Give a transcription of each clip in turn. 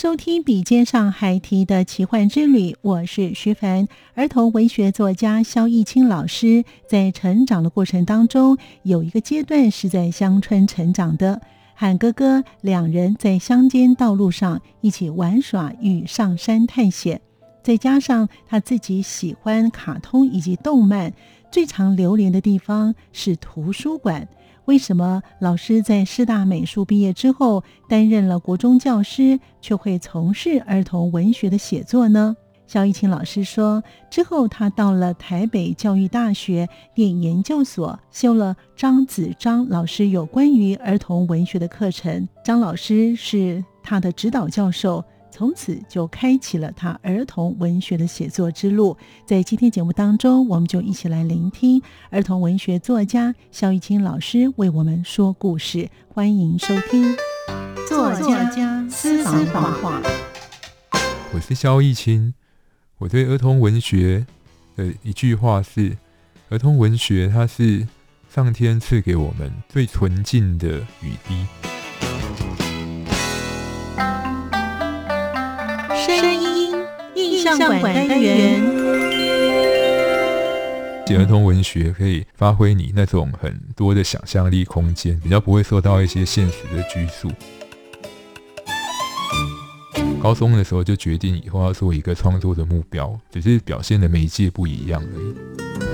收聽《筆尖上孩提的奇幻之旅》，我是徐凡，兒童文學作家蕭逸清老師。在成長的過程當中，有一個階段是在鄉村成長的，和哥哥兩人在鄉間道路上一起玩耍與上山探險。再加上他自己喜歡卡通以及動漫，最常流連的地方是圖書館。為什麼老師在師大美術畢業之後擔任了國中教師，卻會從事兒童文學的寫作呢？蕭逸清老師說，之後他到了台北教育大學唸研究所，修了張子璋老師有關於兒童文學的課程。張老師是他的指導教授。從此就開啟了他兒童文學的寫作之路。在今天節目當中，我們就一起來聆聽兒童文學作家蕭逸清老師為我們說故事。歡迎收聽。作家，作家私房話。我是蕭逸清。我對兒童文學的一句話是：兒童文學，它是上天賜給我們最純淨的雨滴。聲音印象館單元。寫兒童文學可以發揮你那種很多的想象力空間，比較不會受到一些現實的拘束，嗯。高中的時候就決定以後要做一個創作的目標，只是表現的媒介不一樣而已。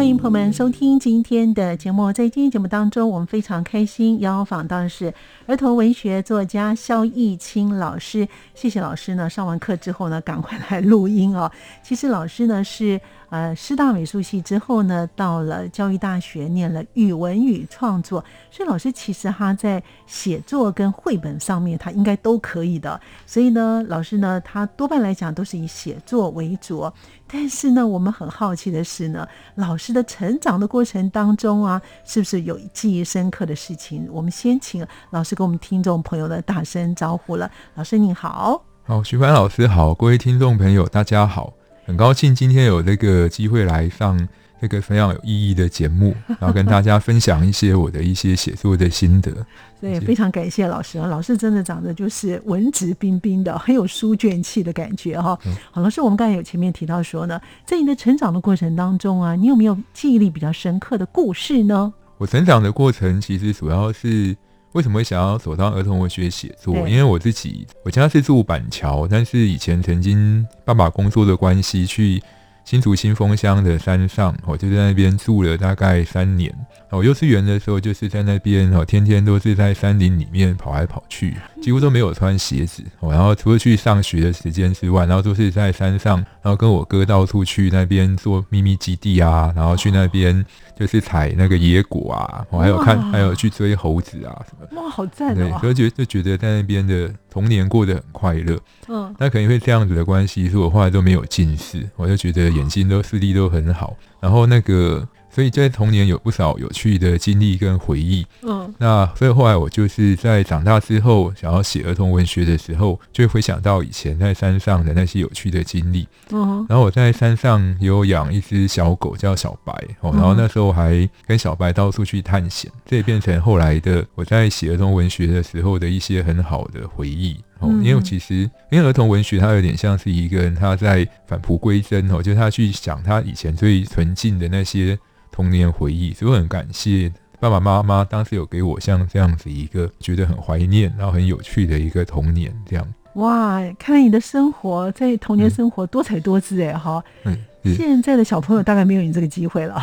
歡迎朋友們收聽今天的節目，在今天節目當中，我們非常開心要訪到的是兒童文學作家蕭逸清老師。謝謝老師呢，上完課之後呢，趕快來錄音哦。其實老師呢是。呃，師大美術系之後呢，到了教育大學念了語文與創作，所以老師其實哈在寫作跟繪本上面，他應該都可以的。所以呢，老師呢，他多半來講都是以寫作為主。但是呢，我們很好奇的是呢，老師的成長的過程當中啊，是不是有記憶深刻的事情？我們先請老師跟我們聽眾朋友呢，打聲招呼了，老師您好。好，徐凡老師好，各位聽眾朋友大家好。很高興今天有這個機會來上這個非常有意義的節目，然後跟大家分享一些我的一些寫作的心得。 所以對，非常感謝老師啊！老師真的長得就是文質彬彬的，很有書卷氣的感覺哈、哦。嗯、好，老師，我們剛才有前面提到說呢，在你的成長的過程當中啊，你有沒有記憶力比較深刻的故事呢？我成長的過程其實主要是。為什麼會想要走上兒童文學寫作？因為我自己，我家是住板橋，但是以前曾經爸爸工作的關係去新竹新豐鄉的山上，我就在那邊住了大概三年。我幼稚園的時候就是在那邊，我天天都是在山林裡面跑來跑去，幾乎都沒有穿鞋子。然後除了去上學的時間之外，然後都是在山上，然後跟我哥到處去那邊做秘密基地啊，然後去那邊。就是採那個野果啊，我還有看，哇還有去追猴子啊什麼的。哇，好贊哦！對，所以覺就覺得在那邊的童年過得很快樂。嗯，那可能因為這樣子的關係，是我後來都沒有近視，我就覺得眼睛都視力都很好。然後那個。所以在童年有不少有趣的經歷跟回憶，嗯，那所以後來我就是在長大之後想要寫兒童文學的時候，就會想到以前在山上的那些有趣的經歷，嗯，然後我在山上有養一隻小狗叫小白，哦，然後那時候還跟小白到處去探險，這也變成後來的我在寫兒童文學的時候的一些很好的回憶。哦，因為其實，嗯、因為兒童文學它有點像是一個人他在返璞歸真哦，就是他去想他以前最純淨的那些童年回憶，所以我很感謝爸爸媽媽當時有給我像這樣子一個覺得很懷念，然後很有趣的一個童年，這樣。哇，看來你的生活在童年生活多彩多姿哎，哈、嗯。嗯。是現在的小朋友大概沒有你這個機會了。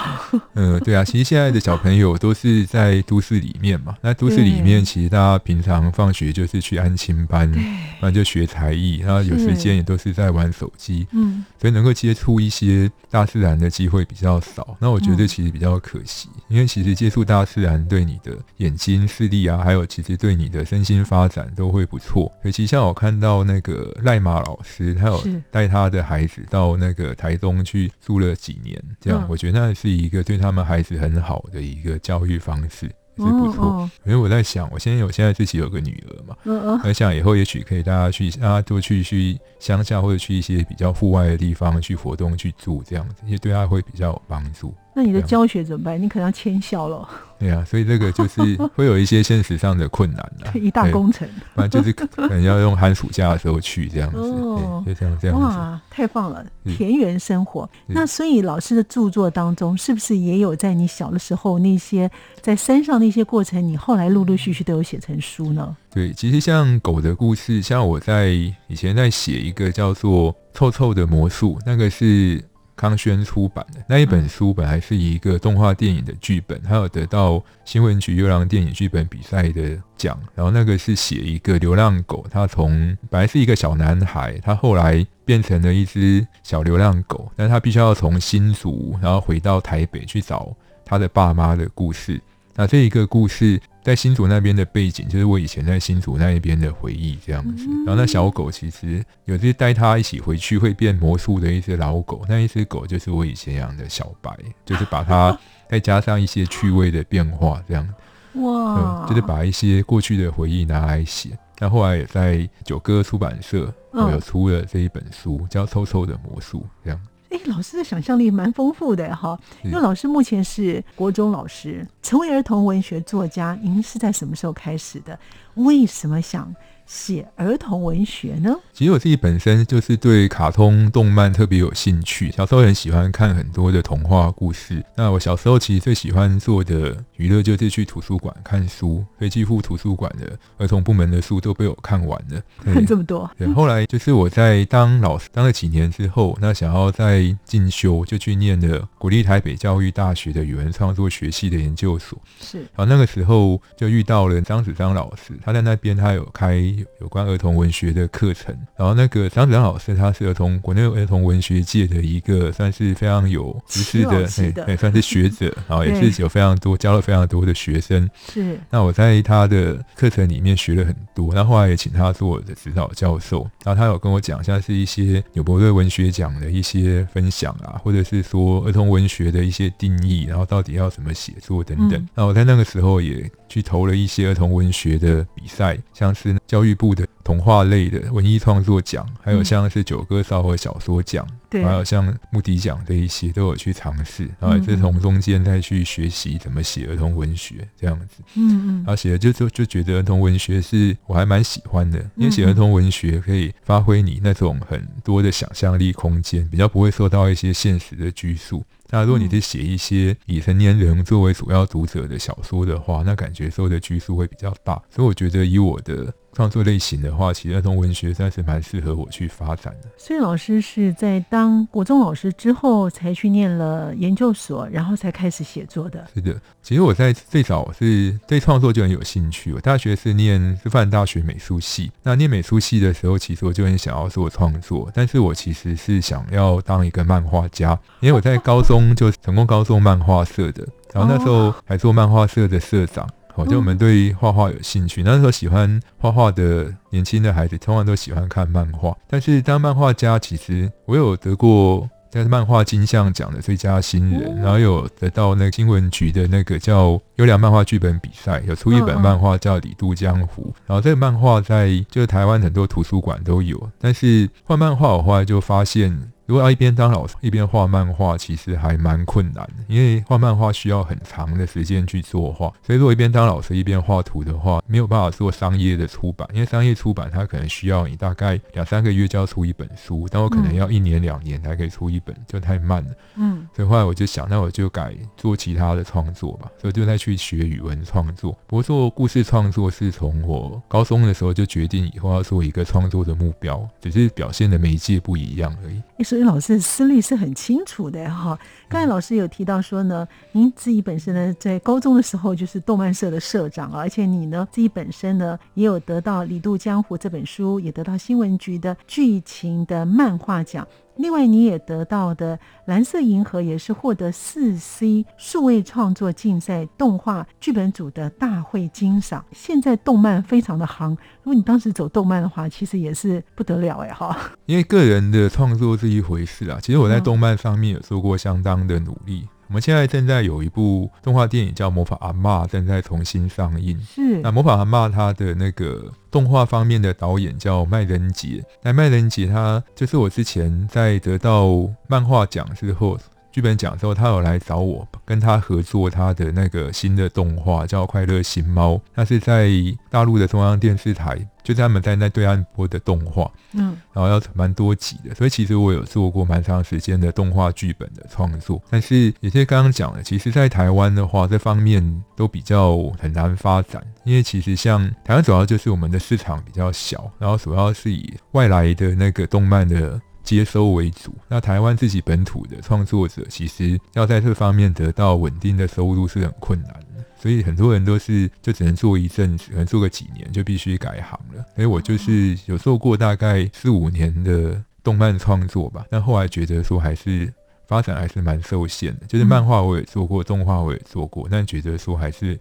嗯，對啊，其實現在的小朋友都是在都市裡面嘛。 那都市裡面，其實大家平常放學就是去安親班，不然對就學才藝，然後有時間也都是在玩手機。嗯是，所以能夠接觸一些大自然的機會比較少。嗯、那我覺得其實比較可惜，嗯、因為其實接觸大自然對你的眼睛視力啊，還有其實對你的身心發展都會不錯。尤其像我看到那個賴馬老師，他有帶他的孩子到那個台東。去住了幾年，這樣、嗯、我覺得那是一個對他們孩子很好的一個教育方式，是不錯。哦哦，因為我在想，我現在有我現在自己有個女兒嘛，我、哦哦、想以後也許可以大家去，大家多去去鄉下或者去一些比較戶外的地方去活動，去住這樣子，也對他會比較有幫助。那你的教學怎麼辦？嗎你可能要遷校了。對啊，所以這個就是會有一些現實上的困難了、啊。 一大工程，那、欸、就是可能要用寒暑假的時候去這樣子，哦欸、就像這樣這樣，哇，太棒了！田園生活。是那所以老師的著作當中，是不是也有在你小的時候那些在山上那些過程，你後來陸陸續續都有寫成書呢？對，其實像狗的故事，像我在以前在寫一個叫做《臭臭的魔術》，那個是。康軒出版的那一本書，本來是一個動畫電影的劇本，他有得到新聞局優良電影劇本比賽的獎。然後那個是寫一個流浪狗，他從本來是一個小男孩，他後來變成了一隻小流浪狗，但他必須要從新竹，然後回到台北去找他的爸媽的故事。那這一個故事，在新竹那邊的背景，就是我以前在新竹那一邊的回憶這樣子。然後那小狗其實有些帶它一起回去會變魔術的一些老狗，那一隻狗就是我以前養的小白，就是把它再加上一些趣味的變化這樣。哇、嗯，就是把一些過去的回憶拿來寫。那後來也在九歌出版社有出了這一本書，叫《臭臭的魔術》這樣。哎，老師的想象力蠻豐富的哈，因為老師目前是國中老師，成為兒童文學作家，您是在什麼時候開始的？為什麼想？寫兒童文學呢？其實我自己本身就是對卡通動漫特別有興趣，小時候很喜歡看很多的童話故事。那我小時候其實最喜歡做的娛樂就是去圖書館看書，所以幾乎圖書館的兒童部門的書都被我看完了。看對這麼多，對。後來就是我在當老師當了幾年之後，那想要再進修，就去唸了國立台北教育大學的語文創作學系的研究所。是。然後那個時候就遇到了張子璋老師，他在那邊他有開。有，有關兒童文學的課程，然後那個張子璋老師，他是兒童國內兒童文學界的一個算是非常有知識的，哎算是學者， 對然後也是有非常多教了非常多的學生。是。那我在他的課程裡面學了很多，那後來也請他做我的指導教授。然後他有跟我講，一下，是一些紐伯瑞文學獎的一些分享啊，或者是說兒童文學的一些定義，然後到底要怎麼寫作等等。嗯、那我在那個時候也。去投了一些兒童文學的比賽，像是教育部的。童話類的文藝創作獎，還有像是九歌少兒小說獎，嗯、還有像牧笛獎這一些，都有去嘗試。對然後也是從中間再去學習怎麼寫兒童文學這樣子，嗯嗯。然後寫了就就就覺得兒童文學是我還蠻喜歡的，因為寫兒童文學可以發揮你那種很多的想象力空間，比較不會受到一些現實的拘束。那如果你是寫一些以成年人作為主要讀者的小說的話，那感覺受的拘束會比較大。所以我覺得以我的。創作類型的話，其實那種文學真的是蠻適合我去發展的。所以老師是在當國中老師之後，才去念了研究所，然後才開始寫作的。是的，其實我在最早是對創作就很有興趣。我大學是念師範大學美術系，那念美術系的時候，其實我就很想要做創作，但是我其實是想要當一個漫畫家，因為我在高中就成功高中漫畫社的，然後那時候還做漫畫社的社長。就我們對畫畫有興趣，那時候喜歡畫畫的年輕的孩子，通常都喜歡看漫畫。但是當漫畫家，其實我有得過在漫畫金像獎的最佳新人，然後有得到那個新聞局的那個叫優良漫畫劇本比賽，有出一本漫畫叫《李杜江湖》，然後這個漫畫在就是台灣很多圖書館都有。但是畫漫畫，我後來就發現。如果要一邊當老師一邊畫漫畫，其實還蠻困難的，因為畫漫畫需要很長的時間去做畫。所以如果一邊當老師一邊畫圖的話，沒有辦法做商業的出版，因為商業出版它可能需要你大概兩三個月就要出一本書，但我可能要一年兩年才可以出一本，就太慢了。嗯，所以後來我就想，那我就改做其他的創作吧，所以就再去學語文創作。不過做故事創作是從我高中的時候就決定以後要做一個創作的目標，只是表現的媒介不一樣而已。所以老師思慮是很清楚的哈。剛才老師有提到說呢，您自己本身呢在高中的時候就是動漫社的社長，而且你呢自己本身呢也有得到《李杜江湖》這本書，也得到新聞局的劇情的漫畫獎。另外，你也得到的藍色銀河也是獲得四 C 數位創作競賽動畫劇本組的大會金賞。現在動漫非常的夯，如果你當時走動漫的話，其實也是不得了誒。哈。因為個人的創作是一回事啊，其實我在動漫方面有做過相當的努力。嗯我們現在正在有一部動畫電影叫《魔法阿嬤》正在重新上映。是，那《魔法阿嬤》她的那個動畫方面的導演叫麥人傑。那麥人傑他就是我之前在得到漫畫獎之後，劇本講之後，他有來找我跟他合作他的那個新的動畫，叫《快樂星貓》，那是在大陸的中央電視台，就在、是、他們在那對岸播的動畫，嗯，然後要蠻多集的，所以其實我有做過蠻長時間的動畫劇本的創作，但是也是剛剛講的，其實，在台灣的話，這方面都比較很難發展，因為其實像台灣主要就是我們的市場比較小，然後主要是以外來的那個動漫的。接收為主，那台灣自己本土的創作者其實要在這方面得到穩定的收入是很困難的，所以很多人都是就只能做一陣子，可能做個幾年，就必須改行了。所以我就是有做過大概四五年的動漫創作吧，但後來覺得說還是發展還是蠻受限的。就是漫畫我也做過，動畫我也做過，但覺得說還是。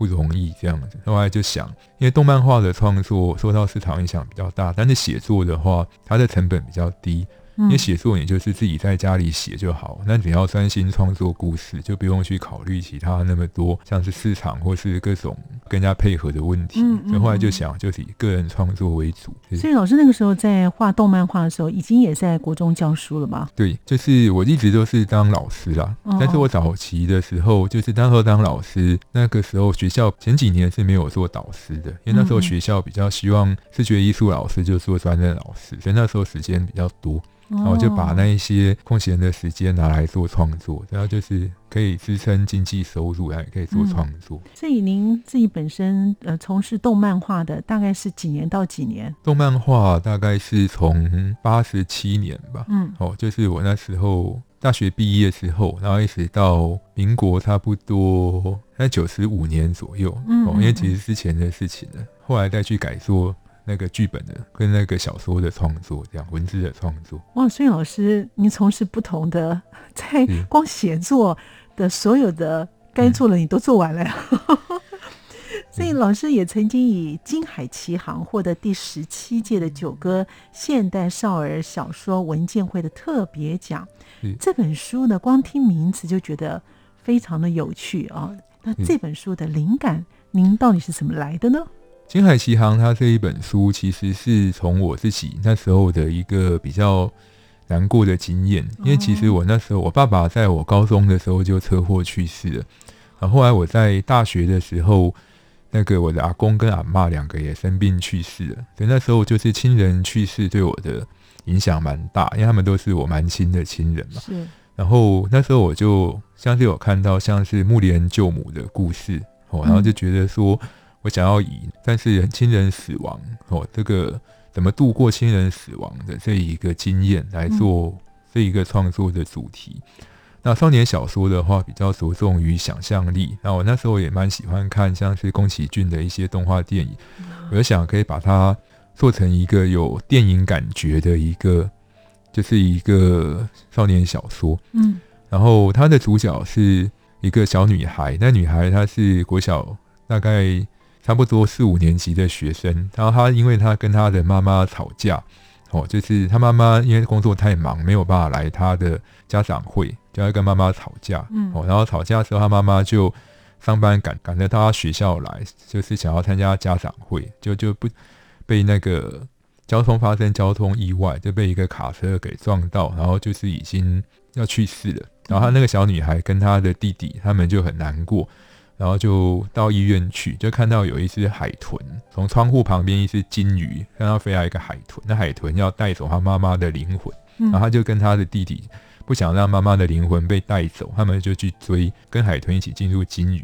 不容易這樣子，後來就想，因為動漫畫的創作受到市場影響比較大，但是寫作的話，它的成本比較低。因為寫作你就是自己在家裡寫就好，那、嗯、只要專心創作故事，就不用去考慮其他那麼多，像是市場或是各種跟人家配合的問題。嗯嗯。嗯後來就想，就是以個人創作為主。所以老師那個時候在畫動漫畫的時候，已經也在國中教書了吧？對，就是我一直都是當老師啦。哦、但是我早期的時候，就是當時候當老師那個時候，學校前幾年是沒有做導師的，因為那時候學校比較希望視覺藝術老師就做專任老師，所以那時候時間比較多。然後我就把那一些空閒的時間拿來做創作，然後就是可以支撐經濟收入，然後也可以做創作。嗯，所以您自己本身呃從事動漫畫的大概是幾年到幾年？動漫畫大概是從八十七年吧，嗯，哦，就是我那時候大學畢業之後，然後一直到民國差不多在九十五年左右，嗯嗯嗯哦，因為其實之前的事情呢，後來再去改做。那個劇本的跟那個小說的創作，這樣文字的創作。哇，蕭老師，您從事不同的，在光寫作的所有的該、嗯、做的，你都做完了呀。孫 穎老師也曾經以《鯨海奇航》獲得第十七屆的九歌現代少兒小說文建會的特別獎。嗯、這本書呢，光聽名字就覺得非常的有趣啊、哦。那這本書的靈感，您到底是怎麼來的呢？《鯨海奇航》它這一本書，其實是從我自己那時候的一個比較難過的經驗，因為其實我那時候我爸爸在我高中的時候就車禍去世了，然後後來我在大學的時候，那個我的阿公跟阿嬤兩個也生病去世了，所以那時候就是親人去世對我的影響蠻大，因為他們都是我蠻親的親人嘛。是。然後那時候我就像是有看到像是目連救母的故事，哦，然後就覺得說。我想要以但是親人死亡哦，這個怎麼度過親人死亡的這一個經驗來做這一個創作的主題。嗯、那少年小說的話比較着重於想象力那我那時候也蠻喜歡看像是宮崎駿的一些動畫電影，嗯、我就想可以把它做成一個有電影感覺的一個，就是一個少年小說。嗯，然後它的主角是一個小女孩，那女孩她是國小大概，差不多四五年級的學生，然後他因為他跟他的媽媽吵架，哦，就是他媽媽因為工作太忙沒有辦法來他的家長會，就要跟媽媽吵架，嗯，哦，然後吵架的時候他媽媽就上班趕趕着到他學校來，就是想要參加家長會，就就不被那個交通發生交通意外，就被一個卡車給撞到，然後就是已經要去世了，然後他那個小女孩跟她的弟弟他們就很難過。然後就到醫院去，就看到有一只海豚從窗戶旁邊，一只鯨魚看到飛來一個海豚，那海豚要帶走他媽媽的靈魂，嗯、然後他就跟他的弟弟不想讓媽媽的靈魂被帶走，他們就去追，跟海豚一起進入鯨魚，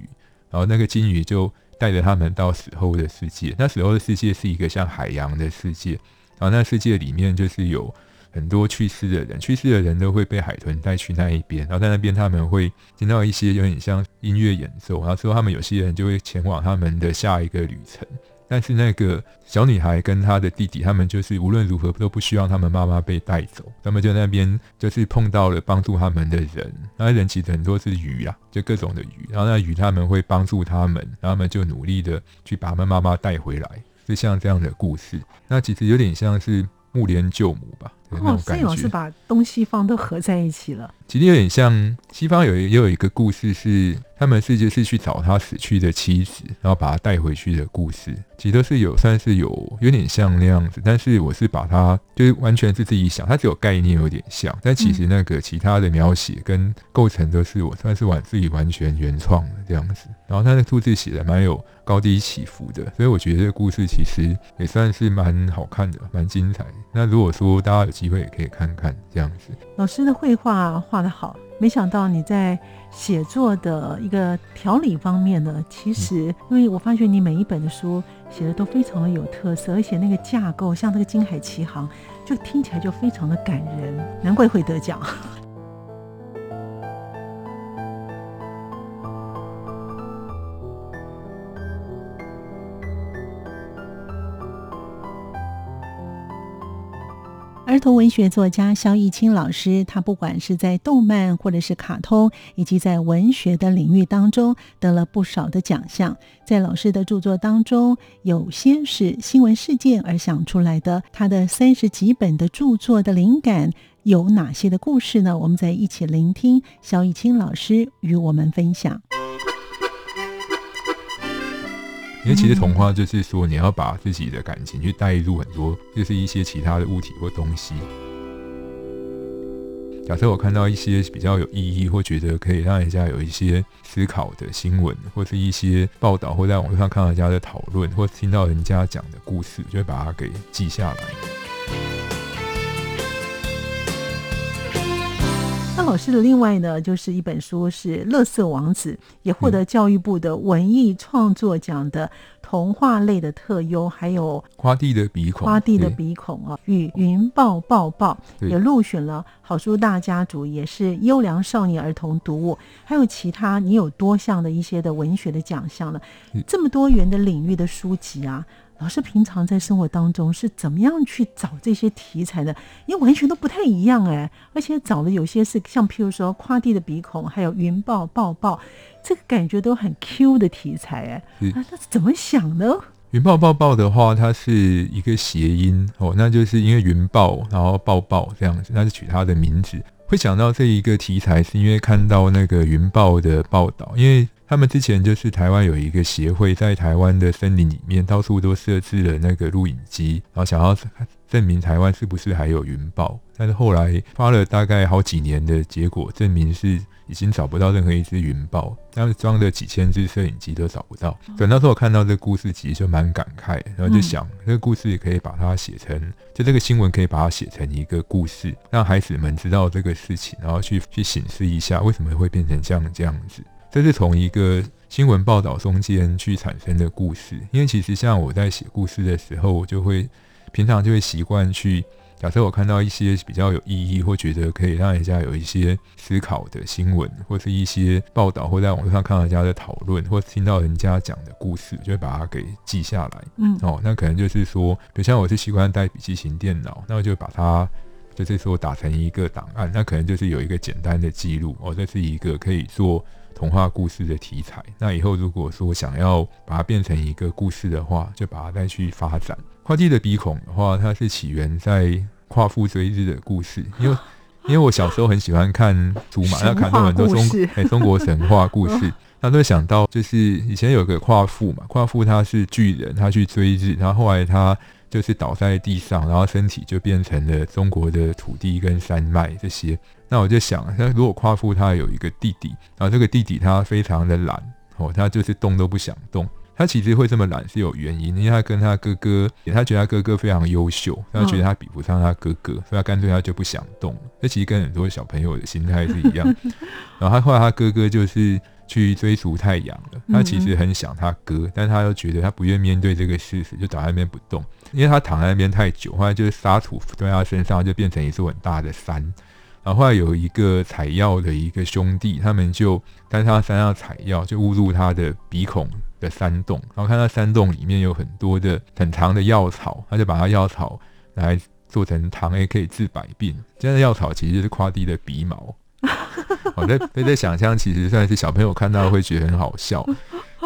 然後那個鯨魚就帶着他們到死後的世界。那死後的世界是一個像海洋的世界，然後那世界裡面就是有。很多去世的人，去世的人都會被海豚帶去那一邊，然後在那邊他們會聽到一些有點像音樂演奏，然後之後他們有些人就會前往他們的下一個旅程。但是那個小女孩跟她的弟弟，他們就是無論如何都不希望他們媽媽被帶走。他們就那邊就是碰到了幫助他們的人，那人其實很多是魚啊，就各種的魚。然後那魚他們會幫助他們，然後他們就努力的去把他們媽媽帶回來，是像這樣的故事。那其實有點像是目連救母吧。有有哦，這老是把東西方都合在一起了。其實有點像西方有也有一個故事，是他們世界是去找他死去的妻子，然後把他帶回去的故事。其實都是有，算是有，有點像那樣子。但是我是把它就是完全是自己想，它只有概念有點像，但其實那個其他的描寫跟構成都是我算是我自己完全原創的這樣子。然後它的數字寫的蠻有高低起伏的，所以我覺得這個故事其實也算是蠻好看的，蠻精彩的。那如果說大家有機會也可以看看這樣子。老師的繪畫畫得好，沒想到你在寫作的一個條理方面呢，其實因為我發覺你每一本的書寫的都非常的有特色，而且那個架構，像這個《鯨海奇航》，就聽起來就非常的感人，難怪會得獎。兒童文學作家蕭逸清老師，他不管是在動漫或者是卡通，以及在文學的領域當中，得了不少的獎項。在老師的著作當中，有些是新聞事件而想出來的。他的三十幾本的著作的靈感有哪些的故事呢？我們再一起聆聽蕭逸清老師與我們分享。因為其實童話就是說，你要把自己的感情去帶入很多，就是一些其他的物體或東西。假設我看到一些比較有意義或覺得可以讓人家有一些思考的新聞，或是一些報道，或在網絡上看到人家的討論，或聽到人家講的故事，就會把它給記下來。老師的另外呢，就是一本書是《樂色王子》，也獲得教育部的文藝創作獎的童話類的特優，還有《誇弟的鼻孔》《誇弟的鼻孔》啊，《與雲豹抱抱》，也入選了好書大家族，也是優良少年兒童讀物，還有其他你有多項的一些的文學的獎項了，這麼多元的領域的書籍啊。老師平常在生活當中是怎麼樣去找這些題材的？因為完全都不太一樣哎、欸，而且找了有些是像，譬如說誇弟的鼻孔，還有雲豹抱抱，這個感覺都很 Q 的題材哎、欸，是啊，那是怎麼想呢？雲豹抱抱的話，它是一個諧音哦，那就是因為雲豹，然後抱抱這樣子，那是取它的名字。會想到這一個題材，是因為看到那個雲豹的報道因為他們之前就是台灣有一個協會，在台灣的森林裡面到處都設置了那個錄影機，然後想要證明台灣是不是還有雲豹，但是後來花了大概好幾年的結果，證明是。已經找不到任何一隻雲豹，但是裝着幾千隻攝影機都找不到。等到時候我看到這個故事，其實就蠻感慨的，然後就想，這個故事也可以把它寫成，就這個新聞可以把它寫成一個故事，讓孩子們知道這個事情，然後去去審視一下為什麼會變成這樣。這樣子。這是從一個新聞報道中間去產生的故事，因為其實像我在寫故事的時候，我就會平常就會習慣去。假設我看到一些比較有意義或覺得可以讓人家有一些思考的新聞，或是一些報道，或在網絡上看到人家的討論，或是聽到人家講的故事，就會把它給記下來。嗯，哦，那可能就是說，比如像我是習慣帶筆記型電腦，那我就把它，就是說打成一個檔案，那可能就是有一個簡單的記錄。哦，這是一個可以做童話故事的題材。那以後如果說想要把它變成一個故事的話，就把它再去發展。誇弟的鼻孔的話，它是起源在夸父追日的故事，因為因為我小時候很喜歡看《竹馬》啊，看到很多中誒中國神話故事， 那都會想到就是以前有個夸父嘛，夸父他是巨人，他去追日，然後後來他就是倒在地上，然後身體就變成了中國的土地跟山脈這些。那我就想，那如果夸父他有一個弟弟，然後這個弟弟他非常的懶哦，他就是動都不想動。他其實會這麼懶是有原因，因為他跟他哥哥，也他覺得他哥哥非常優秀，他覺得他比不上他哥哥，所以他乾脆他就不想動。這其實跟很多小朋友的心態是一樣。 然後他後來他哥哥就是去追逐太陽了，他其實很想他哥，但他又覺得他不願面對這個事實，就躺在那邊不動，因為他躺在那邊太久，後來就是沙土堆在他身上就變成一座很大的山。然後後來有一個採藥的一個兄弟，他們就在他山上採藥，就誤入他的鼻孔。山洞，然後看到山洞裡面有很多的很長的藥草，他就把它藥草來做成糖，也可以治百病。真的藥草其實就是誇弟的鼻毛，我、 哦、在在在想象，其實算是小朋友看到會覺得很好笑，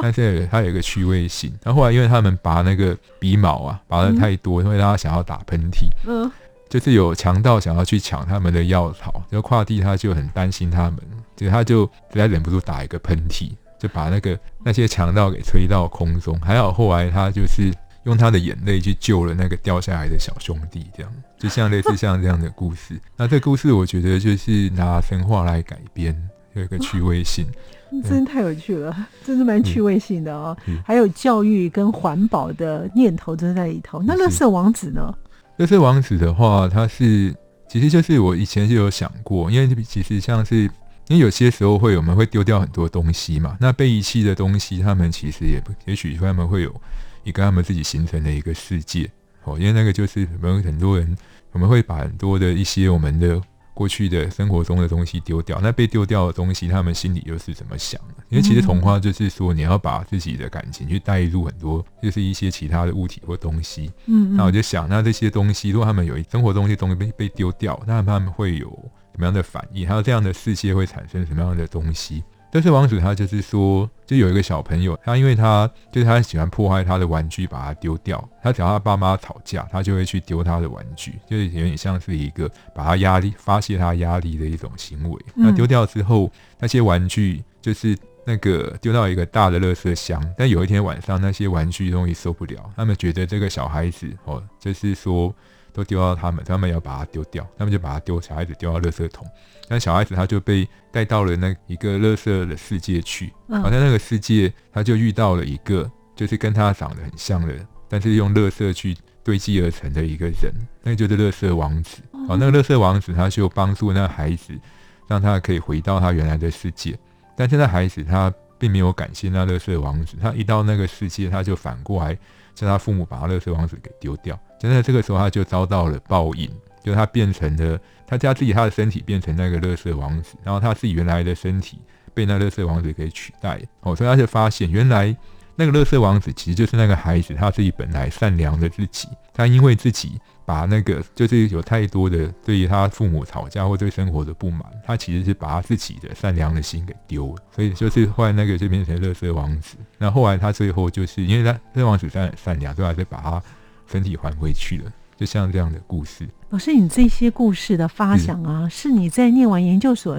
但是它有，有一個趣味性。然後後來因為他們拔那個鼻毛啊，拔得太多，嗯、因為大家想要打噴嚏，嗯，就是有強盜想要去搶他們的藥草，就誇弟，他就很擔心他們，就他就實在忍不住打一個噴嚏。就把那個那些強盜給吹到空中，還好後來他就是用他的眼淚去救了那個掉下來的小兄弟，這樣就像類似像這樣的故事。啊、那這故事我覺得就是拿神話來改編，有一個趣味性，啊、對真的太有趣了，真的蠻趣味性的哦。嗯、還有教育跟環保的念頭都在裡頭。那垃圾王子呢？垃圾王子的話，他是其實就是我以前就有想過，因為其實像是。因為有些時候會，我們會丟掉很多東西嘛。那被遺棄的東西，他們其實也也許他們會有一個他們自己形成的一個世界哦。因為那個就是我們很多人，我們會把很多的一些我們的過去的生活中的東西丟掉。那被丟掉的東西，他們心裡又是怎麼想的？因為其實童話就是說，你要把自己的感情去帶入很多，就是一些其他的物體或東西。嗯，那我就想，那這些東西如果他們有一生活中一些東西被被丟掉，那他們會有。什麼樣的反應？還有這樣的世界會產生什麼樣的東西？但是王子他就是說，就有一個小朋友，他因為他就是他喜歡破壞他的玩具，把他丟掉。他只要他爸媽吵架，他就會去丟他的玩具，就是有點像是一個把他壓力發泄他壓力的一種行為。嗯、那丟掉之後，那些玩具就是那個丟到一個大的垃圾箱。但有一天晚上，那些玩具終於受不了，他們覺得這個小孩子哦，就是說。都丟到他們，他們要把他丟掉，他們就把他丟小孩子丟到垃圾桶。那小孩子他就被帶到了那一個垃圾的世界去。嗯。好，在那個世界，他就遇到了一個，就是跟他長得很像的人，但是用垃圾去堆積而成的一個人，那就是垃圾王子。好、嗯，那個垃圾王子他就幫助那個孩子，讓他可以回到他原來的世界。但現在孩子他並沒有感謝那垃圾王子，他一到那個世界，他就反過來。叫他父母把他垃圾王子給丟掉，就在這個時候，他就遭到了報應，就是他變成了，他將自己他的身體變成那個垃圾王子，然後他自己原來的身體被那垃圾王子給取代，哦，所以他就發現原來那個垃圾王子其實就是那個孩子，他自己本來善良的自己，他因為自己。把那個就是有太多的對於他父母吵架或對生活的不滿，他其實是把他自己的善良的心給丟了，所以就是後來那個就變成樂色王子。那後來他最後就是因為他樂王子善善良，所以還是把他身體還回去了，就像這樣的故事。老師，你這些故事的發想啊，嗯、是你在念完研究所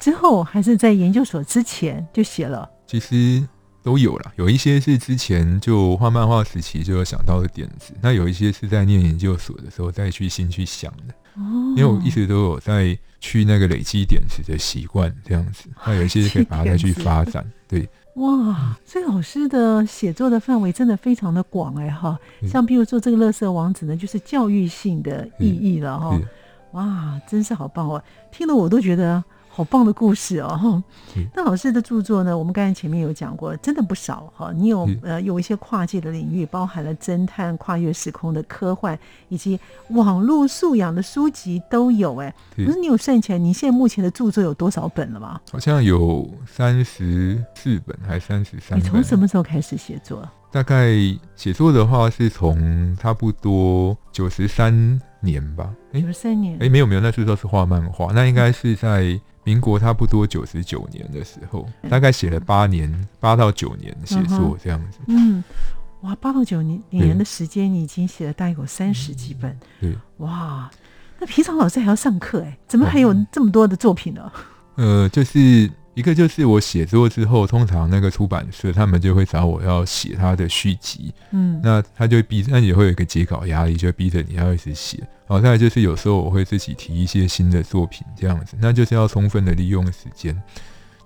之後，還是在研究所之前就寫了？其實。都有了，有一些是之前就畫漫畫時期就有想到的點子，那有一些是在念研究所的時候再去新去想的，哦、因為我一直都有在去那個累積點子的習慣這樣子，那有一些可以把它再去發展。對，哇，所以老師的寫作的範圍真的非常的廣哎哈，像譬如說這個《樂色王子》呢，就是教育性的意義了哈，哇，真是好棒哦、啊，聽了我都覺得。好棒的故事哦！嗯、那老師的著作呢？我們剛才前面有講過，真的不少哈。你有、嗯、呃有一些跨界的領域，包含了偵探、跨越時空的科幻，以及網絡素養的書籍都有哎、欸。不是，是你有算起來，你現在目前的著作有多少本了嗎？好像有三十四本，還是三十三？你從什麼時候開始寫作？大概寫作的話，是從差不多九十三年吧。九十三年？哎、欸，沒有沒有，那時候是畫漫畫，那應該是在。民國差不多九十九年的時候，大概寫了八年，八到九年寫作這樣子。嗯，哇，八到九年對年的時間，你已經寫了大概有三十幾本。嗯、對，哇，那平常老師還要上課誒、欸，怎麼還有這麼多的作品呢？嗯、呃，就是。一個就是我寫作之後，通常那個出版社他們就會找我要寫他的續集，嗯，那他就逼，那也會有一個截稿壓力，就逼着你要一直寫。好，再來就是有時候我會自己提一些新的作品這樣子，那就是要充分的利用時間。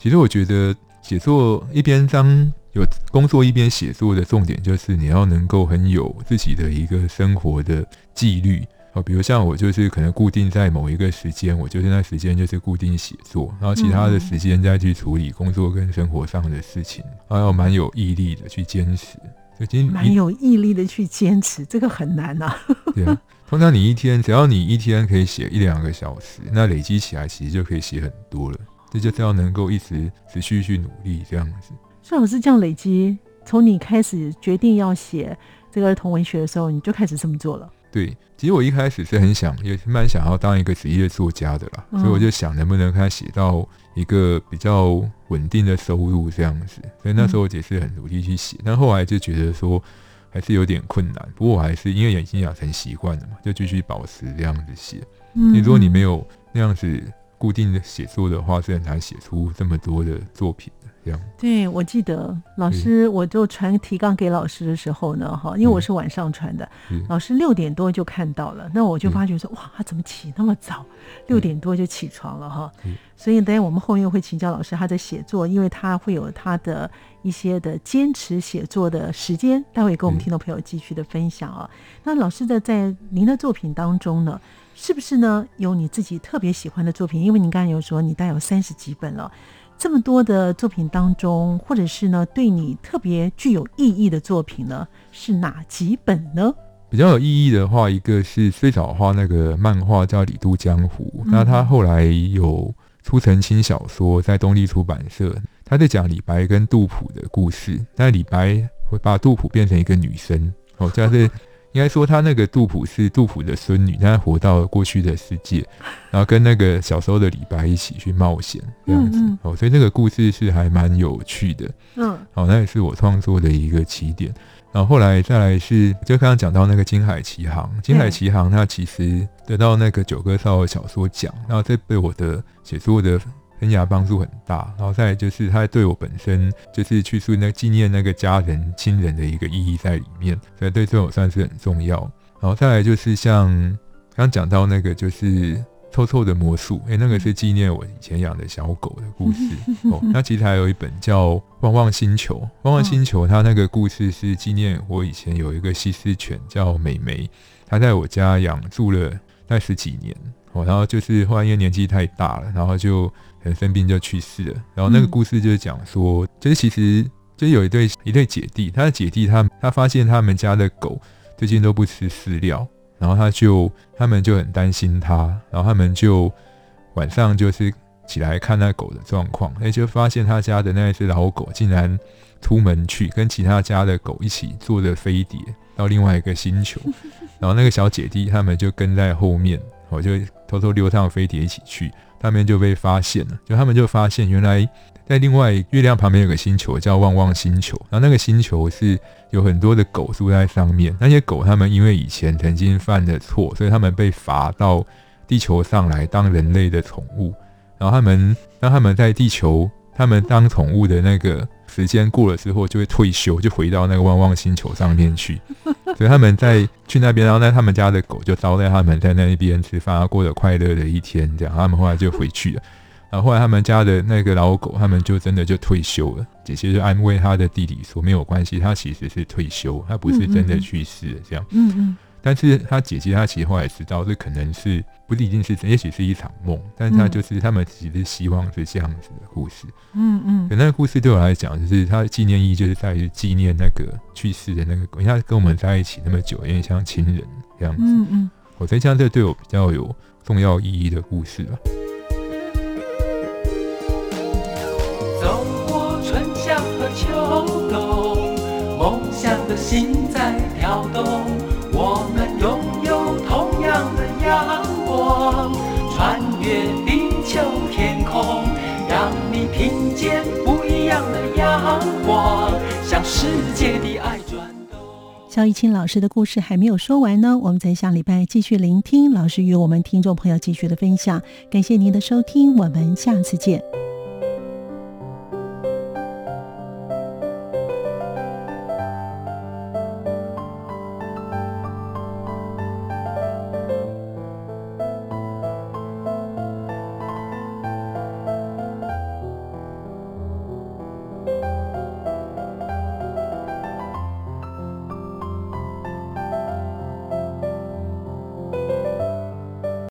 其實我覺得寫作，一邊當有工作一邊寫作的重點，就是你要能夠很有自己的一個生活的紀律。哦，比如像我就是可能固定在某一個時間，我就是那時間就是固定寫作，然後其他的時間再去處理工作跟生活上的事情。嗯、然後要蠻有毅力的去堅持，就今蠻有毅力的去堅持，這個很難吶、啊。 對、啊，通常你一天只要你一天可以寫一兩個小時，那累積起來其實就可以寫很多了。就這就是要能夠一直持續去努力這樣子。像我是這樣累積，從你開始決定要寫這個兒童文學的時候，你就開始這麼做了。對，其實我一開始是很想，也是蠻想要當一個職業作家的啦，哦、所以我就想能不能看寫到一個比較穩定的收入這樣子。所以那時候我也是很努力去寫，嗯、但後來就覺得說還是有點困難。不過我還是因為已經養成習慣了嘛，就繼續保持這樣子寫。你說、嗯、如果你沒有那樣子固定的寫作的話，是很難寫出這麼多的作品。對，我記得老師，我就傳提綱給老師的時候呢，哈、嗯，因為我是晚上傳的，嗯、老師六點多就看到了。那我就發覺說，嗯、哇，他怎麼起那麼早？六點多就起床了，哈、嗯。所以等下我們後面會請教老師他在寫作，因為他會有他的一些的堅持寫作的時間，待會也跟我們聽眾朋友繼續的分享啊。嗯、那老師的在您的作品當中呢，是不是呢有你自己特別喜歡的作品？因為你剛才有說你帶有三十幾本了。這麼多的作品當中，或者是呢對你特別具有意義的作品呢，是哪幾本呢？比較有意義的話，一個是最早畫那個漫畫叫《李杜江湖》，嗯、那他後來有出澄清小說，在東立出版社，他在講李白跟杜甫的故事，但李白會把杜甫變成一個女生，好像是。應該說，他那個杜甫是杜甫的孫女，她活到了過去的世界，然後跟那個小時候的李白一起去冒險這樣子。嗯嗯哦，所以這個故事是還蠻有趣的。嗯，嗯，好、哦，那也是我創作的一個起點。然後後來再來是，就剛剛講到那個金《鯨海奇航》，《鯨海奇航》它其實得到那個九歌少兒小說獎，那這被我的寫作的。生涯幫助很大，然後再來就是它對我本身就是去出那紀念那個家人親人的一個意義在裡面，所以對這種我算是很重要。然後再來就是像剛講到那個就是臭臭的魔術，誒、欸，那個是紀念我以前養的小狗的故事 哦。那其實還有一本叫《旺旺星球》，《旺旺星球》它那個故事是紀念我以前有一個西施犬叫美眉，她在我家養住了那十幾年哦，然後就是後來因為年紀太大了，然後就。很生病就去世了。然後那個故事就是講說，嗯、就是其實就有一對一對姐弟，他的姐弟他他發現他們家的狗最近都不吃飼料，然後他就他們就很擔心他，然後他們就晚上就是起來看那狗的狀況，那就發現他家的那只老狗竟然出門去跟其他家的狗一起坐着飛碟到另外一個星球，然後那個小姐弟他們就跟在後面，我就偷偷溜上飛碟一起去。他們就被發現了，就他們就發現，原來在另外月亮旁邊有個星球叫旺旺星球，然後那個星球是有很多的狗住在上面，那些狗他們因為以前曾經犯的錯，所以他們被罰到地球上來當人類的寵物，然後他們當他們在地球，他們當寵物的那個。時間過了之後，就會退休，就回到那個旺旺星球上面去。所以他們在去那邊，然後呢，他們家的狗就招待他們在那邊吃飯，過得快樂的一天。這樣，他們後來就回去了。然後後來他們家的那個老狗，他們就真的就退休了。姐姐就安慰他的弟弟說：“沒有關係，他其實是退休，他不是真的去世了。”這樣。但是他姐姐，他其實後來知道，這可能是不一定是，也許是一場夢。但是他就是、嗯、他們其實是希望是這樣子的故事。嗯嗯。嗯，可那個故事對我來講，就是它的紀念意義，就是在於紀念那個去世的那個，因為他跟我們在一起那麼久，有點像親人這樣子。嗯，嗯我覺得，像這個對我比較有重要意義的故事吧。走過春夏和秋冬，夢想的心。世界的愛轉動，蕭逸清老師的故事還沒有說完呢，我們在下禮拜繼續聆聽老師與我們聽眾朋友繼續的分享。感謝您的收聽，我們下次見。